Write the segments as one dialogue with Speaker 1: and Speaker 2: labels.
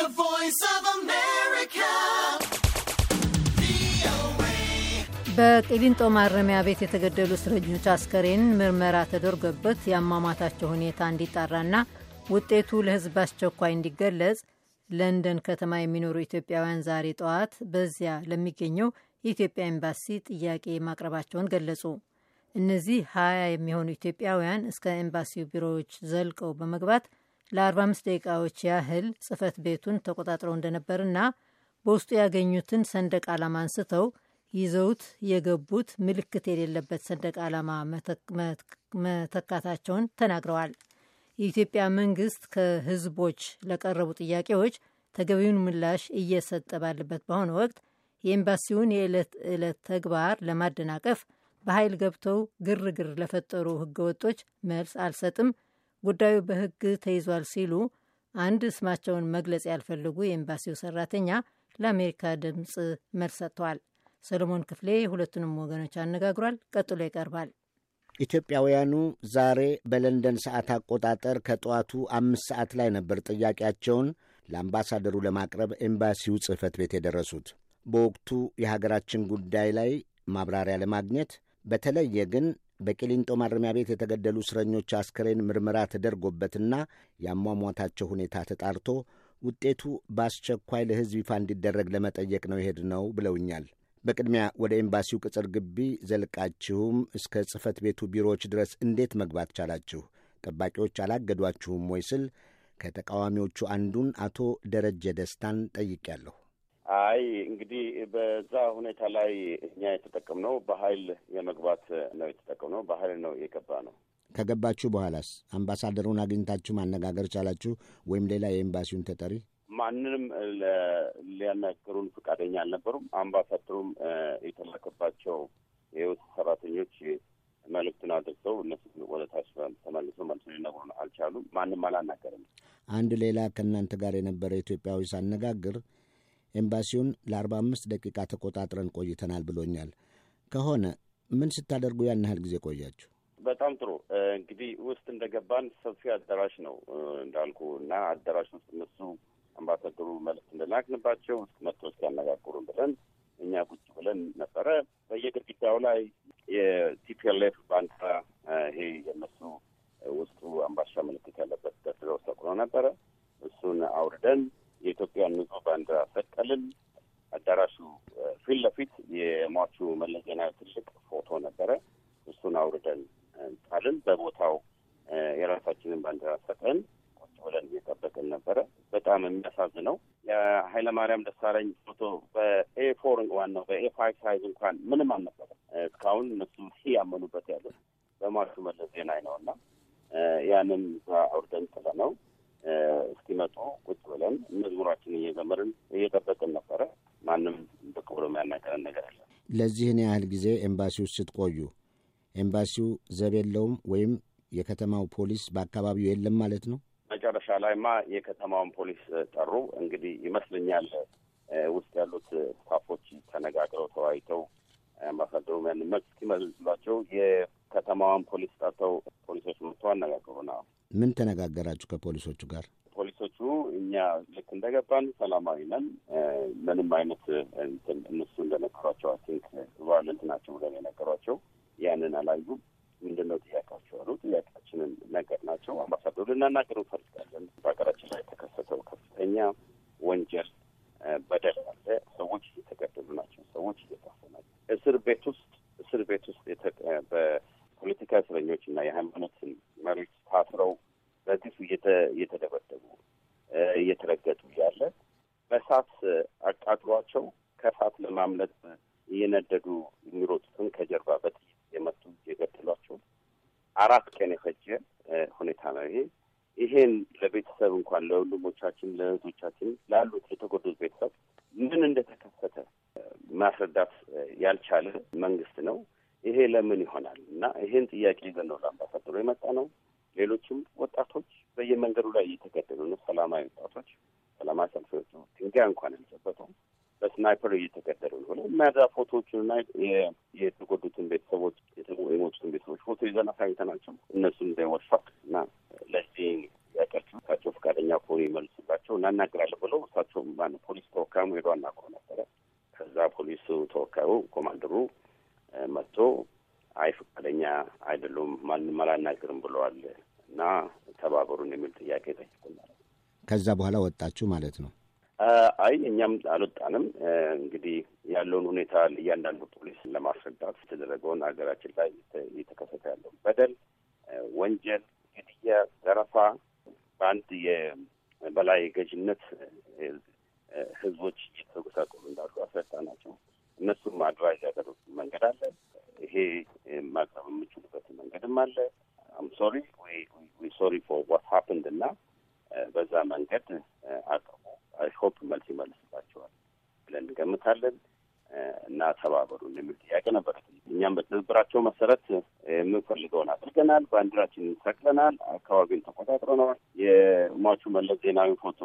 Speaker 1: The Voice of America.
Speaker 2: በቂሊንጦ ማረሚያ ቤት የተገደሉ እስረኞች አስከሬን ምርመራ ተደርጎበት የአሟሟታቸው ሁኔታ እንዲጣራና ውጤቱ ለሕዝብ አስቸኳይ እንዲገለጽ ለንደን ከተማ የሚኖሩ ኢትዮጵያውያን ዛሬ ጠዋት በዚያ ለሚገኘው የኢትዮጵያ ኤምባሲ ጥያቄ ማቅረባቸውን ገለጹ። እነዚህ ሀያ የሚሆኑ ኢትዮጵያውያን እስከ ኤምባሲው ቢሮዎች ዘልቀው በመግባት ለ45 ደቂቃዎች ያህል ጽህፈት ቤቱን ተቆጣጥረው እንደነበርና በውስጡ ያገኙትን ሰንደቅ ዓላማ አንስተው ይዘውት የገቡት ምልክት የሌለበት ሰንደቅ ዓላማ መተካታቸውን ተናግረዋል። የኢትዮጵያ መንግስት ከህዝቦች ለቀረቡ ጥያቄዎች ተገቢውን ምላሽ እየሰጠ ባለበት በአሁኑ ወቅት የኤምባሲውን የዕለት ዕለት ተግባር ለማደናቀፍ በኃይል ገብተው ግርግር ለፈጠሩ ህገወጦች መልስ አልሰጥም ጉዳዩ በሕግ ተይዟል ሲሉ አንድ ስማቸውን መግለጽ ያልፈለጉ የኤምባሲው ሰራተኛ ለአሜሪካ ድምፅ መልስ ሰጥተዋል። ሰለሞን ክፍሌ ሁለቱንም ወገኖች አነጋግሯል። ቀጥሎ ይቀርባል።
Speaker 3: ኢትዮጵያውያኑ ዛሬ በለንደን ሰዓት አቆጣጠር ከጠዋቱ አምስት ሰዓት ላይ ነበር ጥያቄያቸውን ለአምባሳደሩ ለማቅረብ ኤምባሲው ጽሕፈት ቤት የደረሱት። በወቅቱ የሀገራችን ጉዳይ ላይ ማብራሪያ ለማግኘት በተለየ ግን በቂሊንጦ ማረሚያ ቤት የተገደሉ እስረኞች አስከሬን ምርመራ ተደርጎበትና የአሟሟታቸው ሁኔታ ተጣርቶ ውጤቱ በአስቸኳይ ለሕዝብ ይፋ እንዲደረግ ለመጠየቅ ነው ይሄድ ነው ብለውኛል። በቅድሚያ ወደ ኤምባሲው ቅጽር ግቢ ዘልቃችሁም እስከ ጽፈት ቤቱ ቢሮዎች ድረስ እንዴት መግባት ቻላችሁ? ጠባቂዎች አላገዷችሁም ወይ ስል ከተቃዋሚዎቹ አንዱን አቶ ደረጀ ደስታን ጠይቄያለሁ።
Speaker 4: አይ እንግዲህ በዛ ሁኔታ ላይ እኛ የተጠቀምነው በኃይል የመግባት ነው የተጠቀምነው በኃይል ነው የገባ ነው።
Speaker 3: ከገባችሁ በኋላስ አምባሳደሩን አግኝታችሁ ማነጋገር ቻላችሁ ወይም ሌላ የኤምባሲውን ተጠሪ?
Speaker 4: ማንንም ሊያናገሩን ፈቃደኛ አልነበሩም። አምባሳደሩም የተላከባቸው የውስጥ ሰራተኞች መልእክትን አድርሰው እነሱ ወደ ታች ተመልሶ መልሶ ሊነግሩን አልቻሉም። ማንም አላናገርም።
Speaker 3: አንድ ሌላ ከእናንተ ጋር የነበረ ኢትዮጵያዊ ሳነጋግር ኤምባሲውን ለ45 ደቂቃ ተቆጣጥረን ቆይተናል ብሎኛል። ከሆነ ምን ስታደርጉ ያን ያህል ጊዜ ቆያችሁ?
Speaker 4: በጣም ጥሩ እንግዲህ ውስጥ እንደገባን ሰፊ አዳራሽ ነው እንዳልኩ እና አዳራሽ ውስጥ እነሱ አምባሳደሩ መልዕክት እንደላክንባቸው ውስጥ መጥቶ እስኪያነጋግሩን ብለን እኛ ቁጭ ብለን ነበረ። በየግድግዳው ላይ የቲፒኤልኤፍ ባንዲራ ይሄ የነሱ ውስጡ አምባሻ ምልክት ያለበት ደርድረው ሰቅሎ ነበረ። እሱን አውርደን የኢትዮጵያን ንጹህ ባንዲራ ሰቀልን። አዳራሹ ፊት ለፊት የሟቹ መለስ ዜናዊ ትልቅ ፎቶ ነበረ። እሱን አውርደን ጣልን። በቦታው የራሳችንን ባንዲራ ሰጠን። ቁጭ ብለን እየጠበቅን ነበረ። በጣም የሚያሳዝ ነው። የሚያሳዝነው ማርያም ደሳለኝ ፎቶ በኤ ፎር ዋናው በኤ ፋይቭ ሳይዝ እንኳን ምንም አልነበረም። እስካሁን እነሱ ያመኑበት ያሉት በሟቹ መለስ ዜናዊ ነው እና ያንን እዛ አውርደን ጥለ ነው እስኪመጡ ቁጭ ብለን መዝሙራችን እየዘመርን እየጠበቅን ነበረ። ማንም ብቅ ብሎ የሚያናገረን ነገር አለ።
Speaker 3: ለዚህን ያህል ጊዜ ኤምባሲ ውስጥ ስትቆዩ ኤምባሲው ዘብ የለውም ወይም የከተማው ፖሊስ በአካባቢው የለም ማለት ነው?
Speaker 4: መጨረሻ ላይማ የከተማውን ፖሊስ ጠሩ። እንግዲህ ይመስለኛል ውስጥ ያሉት ስታፎች ተነጋግረው ተወያይተው አምባሳደሩ ያን መልስ እስኪመልስሏቸው የከተማዋን ፖሊስ ጠርተው ፖሊሶች መጥተው አነጋግሩና
Speaker 3: ምን ተነጋገራችሁ ከፖሊሶቹ ጋር?
Speaker 4: ፖሊሶቹ እኛ ልክ እንደገባን ሰላማዊ ነን፣ ምንም አይነት እነሱ እንደነገሯቸው ቲንክ ቫዮለንት ናቸው ብለን የነገሯቸው ያንን አላዩም። ምንድን ነው ጥያቄያቸው አሉ። ጥያቄያችንን ነገር ናቸው አምባሳደሩ ልናናገረው ፈልጋለን በሀገራችን ላይ የተከሰተው ከፍተኛ እየተደበደቡ እየተረገጡ እያለ በእሳት አቃጥሏቸው ከእሳት ለማምለጥ እየነደዱ የሚሮጡትን ከጀርባ በጥይት የመቱ የገደሏቸው አራት ቀን የፈጀ ሁኔታ ነው ይሄ። ይሄን ለቤተሰብ እንኳን ለወንድሞቻችን፣ ለእህቶቻችን ላሉት የተጎዱት ቤተሰብ ምን እንደተከሰተ ማስረዳት ያልቻለ መንግስት ነው። ይሄ ለምን ይሆናል እና ይሄን ጥያቄ ይዘን ነው ለአምባሳደሩ የመጣ ነው። ሌሎችም ወጣቶች በየመንገዱ ላይ እየተገደሉ ነው። ሰላማዊ ወጣቶች ሰላማዊ ሰልፎች ነው። ድንጋይ እንኳን ያልጨበጠው በስናይፐር እየተገደሉ ነው። የሚያዛ ፎቶዎችንና የተጎዱትን ቤተሰቦች የሞቱትን ቤተሰቦች ፎቶ ይዘን አሳይተናቸው እነሱም ወድፋክ እና ለዚህ ያቀርችው እሳቸው ፈቃደኛ ከሆኑ ይመልሱላቸው እናናገራለን ብለው እሳቸው ማነው ፖሊስ ተወካዩ ሄዶ አናግሮ ነበረ። ከዛ ፖሊሱ ተወካዩ ኮማንደሩ መጥቶ አይ ፈቃደኛ አይደሉም ማንም አላናግርም ብለዋል እና ተባበሩን የሚል ጥያቄ ጠይቁናል።
Speaker 3: ከዛ በኋላ ወጣችሁ ማለት ነው?
Speaker 4: አይ እኛም አልወጣንም። እንግዲህ ያለውን ሁኔታ እያንዳንዱ ፖሊስ ለማስረዳት የተደረገውን ሀገራችን ላይ እየተከሰተ ያለውን በደል፣ ወንጀል፣ ግድያ፣ ዘረፋ በአንድ የበላይ ገዥነት ህዝቦች እየተጎሳቆሉ እንዳሉ አስረዳ ናቸው። እነሱም ማድራጅ ያደረጉት መንገድ አለ። ይሄ ማቅረብ የምችሉበት መንገድም አለ። አምሶሪ የምንፈልገውን አድርገናል። ባንዲራችንን ሰቅለናል። አካባቢውን ተቆጣጥረነዋል። የሟቹ መለስ ዜናዊ ፎቶ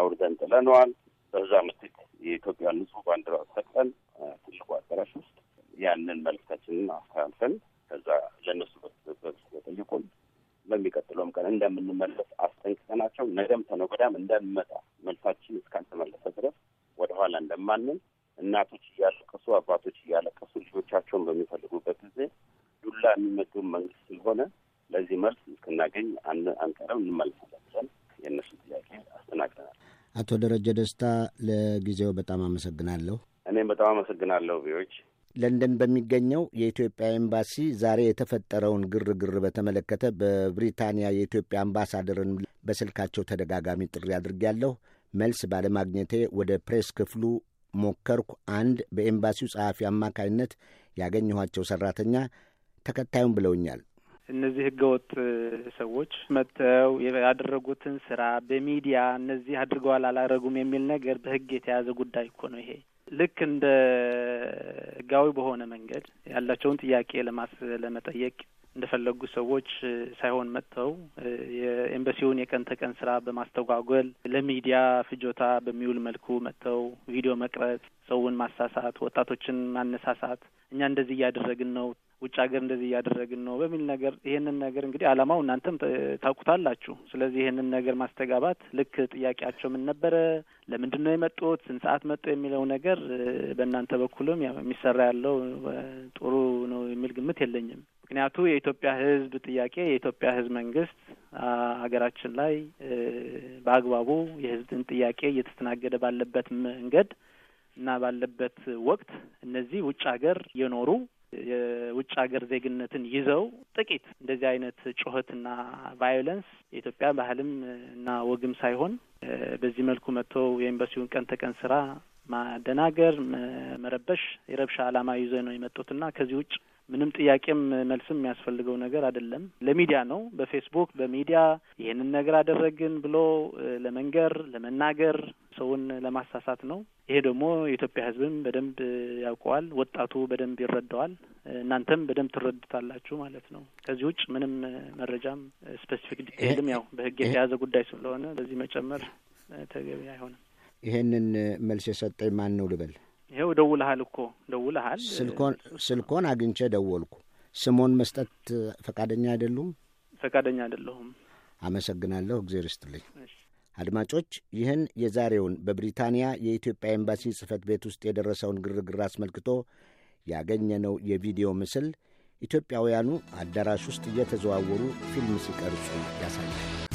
Speaker 4: አውርደን ጥለነዋል። በዛ ምትክ የኢትዮጵያ ንጹህ ባንዲራ ሰቅለን ትልቁ አዳራሽ ውስጥ ያንን መልእክታችንን አስተላልፈን ከዛ ለነሱ በጠየቁን በሚቀጥለውም ቀን እንደምንመለስ አስጠንቅቀናቸው ነገም ተነጎዳም እንደምመጣ መልሳችን እስካልተመለሰ ድረስ ወደኋላ እንደማንን እናቶች እያለቀሱ አባቶች እያለቀሱ ልጆቻቸውን በሚፈልጉበት ጊዜ የሚመጡ መንግስት ስለሆነ ለዚህ መልስ እስክናገኝ አንቀረም፣ እንመልሳለን ብለን የእነሱ ጥያቄ አስተናግደናል።
Speaker 3: አቶ ደረጀ ደስታ ለጊዜው በጣም አመሰግናለሁ።
Speaker 4: እኔም በጣም አመሰግናለሁ። ቪዎች
Speaker 3: ለንደን በሚገኘው የኢትዮጵያ ኤምባሲ ዛሬ የተፈጠረውን ግርግር በተመለከተ በብሪታንያ የኢትዮጵያ አምባሳደርን በስልካቸው ተደጋጋሚ ጥሪ አድርጌያለሁ። መልስ ባለማግኘቴ ወደ ፕሬስ ክፍሉ ሞከርኩ። አንድ በኤምባሲው ጸሐፊ አማካይነት ያገኘኋቸው ሠራተኛ ተከታዩም ብለውኛል።
Speaker 1: እነዚህ ህገወጥ ሰዎች መጥተው ያደረጉትን ስራ በሚዲያ እነዚህ አድርገዋል አላረጉም የሚል ነገር በህግ የተያዘ ጉዳይ እኮ ነው ይሄ። ልክ እንደ ህጋዊ በሆነ መንገድ ያላቸውን ጥያቄ ለማስ ለመጠየቅ እንደፈለጉ ሰዎች ሳይሆን መጥተው የኤምባሲውን የቀን ተቀን ስራ በማስተጓጎል ለሚዲያ ፍጆታ በሚውል መልኩ መጥተው ቪዲዮ መቅረጽ፣ ሰውን ማሳሳት፣ ወጣቶችን ማነሳሳት እኛ እንደዚህ እያደረግን ነው ውጭ ሀገር እንደዚህ እያደረግን ነው በሚል ነገር ይህንን ነገር እንግዲህ አላማው እናንተም ታውቁታላችሁ። ስለዚህ ይህንን ነገር ማስተጋባት ልክ ጥያቄያቸው ምን ነበረ፣ ለምንድን ነው የመጡት፣ ስንት ሰዓት መጡ የሚለው ነገር በእናንተ በኩልም ያው የሚሰራ ያለው ጥሩ ነው የሚል ግምት የለኝም። ምክንያቱ የኢትዮጵያ ሕዝብ ጥያቄ የኢትዮጵያ ሕዝብ መንግስት ሀገራችን ላይ በአግባቡ የሕዝብን ጥያቄ እየተስተናገደ ባለበት መንገድ እና ባለበት ወቅት እነዚህ ውጭ ሀገር የኖሩ የውጭ ሀገር ዜግነትን ይዘው ጥቂት እንደዚህ አይነት ጩኸትና ቫዮለንስ የኢትዮጵያ ባህልም እና ወግም ሳይሆን በዚህ መልኩ መጥቶ የኤምባሲውን ቀን ተቀን ስራ ማደናገር፣ መረበሽ የረብሻ አላማ ይዘ ነው የመጡትና ከዚህ ውጭ ምንም ጥያቄም መልስም የሚያስፈልገው ነገር አይደለም። ለሚዲያ ነው። በፌስቡክ በሚዲያ ይህንን ነገር አደረግን ብሎ ለመንገር ለመናገር ሰውን ለማሳሳት ነው። ይሄ ደግሞ የኢትዮጵያ ሕዝብም በደንብ ያውቀዋል፣ ወጣቱ በደንብ ይረዳዋል፣ እናንተም በደንብ ትረድታላችሁ ማለት ነው። ከዚህ ውጭ ምንም መረጃም ስፔሲፊክ ዲቴይልም ያው በህግ የተያዘ ጉዳይ ስለሆነ በዚህ መጨመር ተገቢ አይሆንም።
Speaker 3: ይሄንን መልስ የሰጠኝ ማን ነው ልበል?
Speaker 1: ይኸው ደውልሃል እኮ ደውልሃል። ስልኮን
Speaker 3: ስልኮን አግኝቼ ደወልኩ። ስሞን መስጠት ፈቃደኛ አይደሉም?
Speaker 1: ፈቃደኛ አይደለሁም።
Speaker 3: አመሰግናለሁ። እግዜር ይስጥልኝ። አድማጮች ይህን የዛሬውን በብሪታንያ የኢትዮጵያ ኤምባሲ ጽህፈት ቤት ውስጥ የደረሰውን ግርግር አስመልክቶ ያገኘነው የቪዲዮ ምስል ኢትዮጵያውያኑ አዳራሽ ውስጥ እየተዘዋወሩ ፊልም ሲቀርጹ ያሳያል።